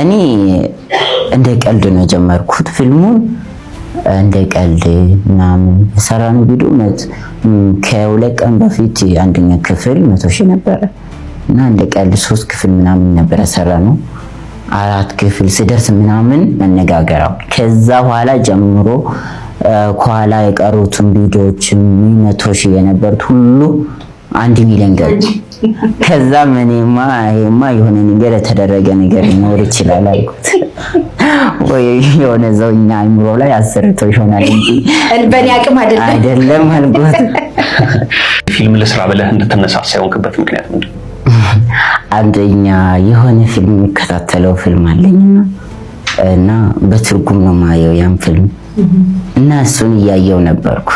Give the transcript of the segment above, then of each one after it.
እኔ እንደ ቀልድ ነው የጀመርኩት ፊልሙን እንደ ቀልድ ምናምን ሰራኑ ቪዲዮ ከሁለት ቀን በፊት አንደኛ ክፍል መቶ ሺህ ነበረ እና እንደ ቀልድ ሶስት ክፍል ምናምን ነበረ ሰራ ነው አራት ክፍል ስደርስ ምናምን መነጋገራው ከዛ በኋላ ጀምሮ ከኋላ የቀሩትን ቪዲዮዎች መቶ ሺህ የነበሩት ሁሉ አንድ ሚሊዮን ገቡ። ከዛም እኔማ ይሄማ የሆነ ነገር የተደረገ ነገር ሊኖር ይችላል አልኩት። ወይ የሆነ እዛው እኛ አይምሮ ላይ አሰርቶ ይሆናል እንጂ በእኔ አቅም አይደለም አልኩት። ፊልም ልስራ ብለህ እንድትነሳሳ የሆንክበት ምክንያት ምንድን ነው? አንደኛ የሆነ ፊልም የሚከታተለው ፊልም አለኝና እና በትርጉም ነው ማየው ያን ፊልም እና እሱን እያየው ነበርኩ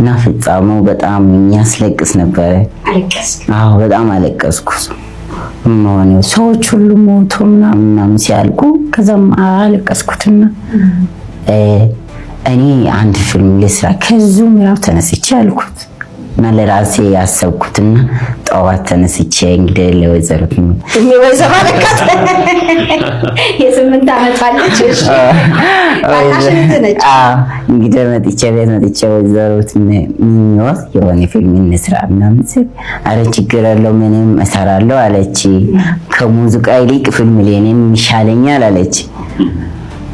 እና ፍጻሜው በጣም የሚያስለቅስ ነበረ። አዎ በጣም አለቀስኩ። ሆነ ሰዎች ሁሉ ሞቶ ምናምን ምናምን ሲያልቁ ከዛም አለቀስኩትና እኔ አንድ ፊልም ልስራ ከዙ ምዕራፍ ተነስቼ አልኩት እና ለራሴ ያሰብኩትና ጠዋት ተነስቼ እንግዲህ ለወይዘሮ ምን ታመጣለች? እንግዲህ መጥቼ ቤት መጥቼ ወይዘሮት ምኞት የሆነ ፊልም እንስራ ምናምን ስል አረ ችግር አለው ምንም እሰራለሁ አለች። ከሙዚቃ ይልቅ ፊልም ሌኔም ይሻለኛል አለች።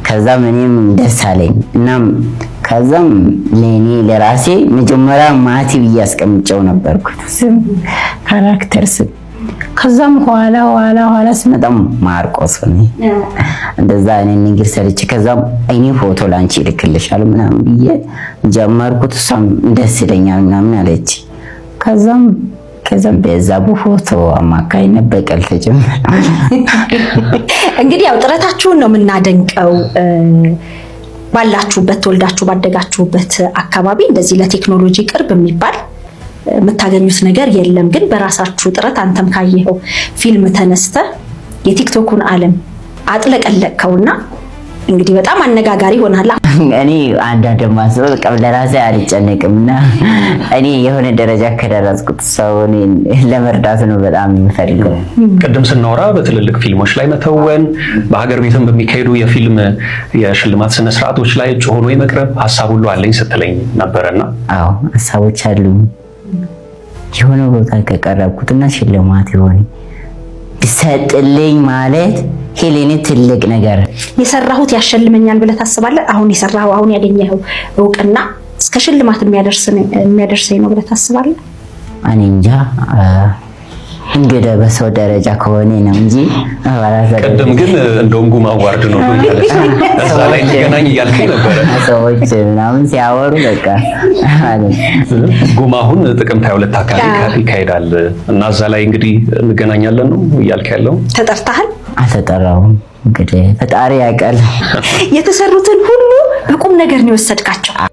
ከዛ እኔም ደስ አለኝ። እናም ከዛም ለእኔ ለራሴ መጀመሪያ ማቲ ብዬ አስቀምጨው ነበርኩት ስም ካራክተር ስም ከዛም ኋላ ኋላ ኋላ ስመጣም ማርቆስ ሆነ እንደዛ እኔ ንግር ሰርቼ ከዛም እኔ ፎቶ ላንቺ ይልክልሻል ምናምን ብዬ ጀመርኩት። እሷም ደስ ይለኛል ምናምን አለች። ከዛም ከዛም በዛ ፎቶ አማካይነት በቀል ተጀመረ። እንግዲህ ያው ጥረታችሁን ነው የምናደንቀው። ባላችሁበት ተወልዳችሁ ባደጋችሁበት አካባቢ እንደዚህ ለቴክኖሎጂ ቅርብ የሚባል የምታገኙት ነገር የለም። ግን በራሳችሁ ጥረት አንተም ካየኸው ፊልም ተነስተ የቲክቶኩን ዓለም አጥለቀለቅከውና እንግዲህ በጣም አነጋጋሪ ይሆናል። እኔ አንዳንድ ማስበው በቃ ለራሴ አልጨነቅም እና እኔ የሆነ ደረጃ ከደረስኩት ሰው ለመርዳት ነው በጣም የምፈልገው። ቅድም ስናወራ በትልልቅ ፊልሞች ላይ መተወን፣ በሀገር ቤትም በሚካሄዱ የፊልም የሽልማት ስነስርዓቶች ላይ እጩ ሆኖ የመቅረብ ሀሳብ ሁሉ አለኝ ስትለኝ ነበረና አዎ ሀሳቦች አሉኝ። የሆነ ቦታ ከቀረብኩትና ሽልማት ይሆን ሰጥልኝ ማለት ሄሌኔ ትልቅ ነገር የሰራሁት ያሸልመኛል ብለህ ታስባለህ? አሁን የሰራው አሁን ያገኘው እውቅና እስከ ሽልማት የሚያደርሰኝ ነው ብለህ ታስባለህ? እኔ እንጃ እንግዲህ በሰው ደረጃ ከሆነ ነው እንጂ ቅድም ግን እንደውም ጉማ አዋርድ ነው እዛ ላይ እንገናኝ እያልከኝ ነበረ። ሰዎች ምናምን ሲያወሩ በቃ ጉማ አሁን ጥቅምት ሃያ ሁለት አካባቢ ይካሄዳል እና እዛ ላይ እንግዲህ እንገናኛለን ነው እያልክ ያለው። ተጠርተሃል? አልተጠራሁም። እንግዲህ ፈጣሪ ያውቃል። የተሰሩትን ሁሉ በቁም ነገር ነው የወሰድካቸው።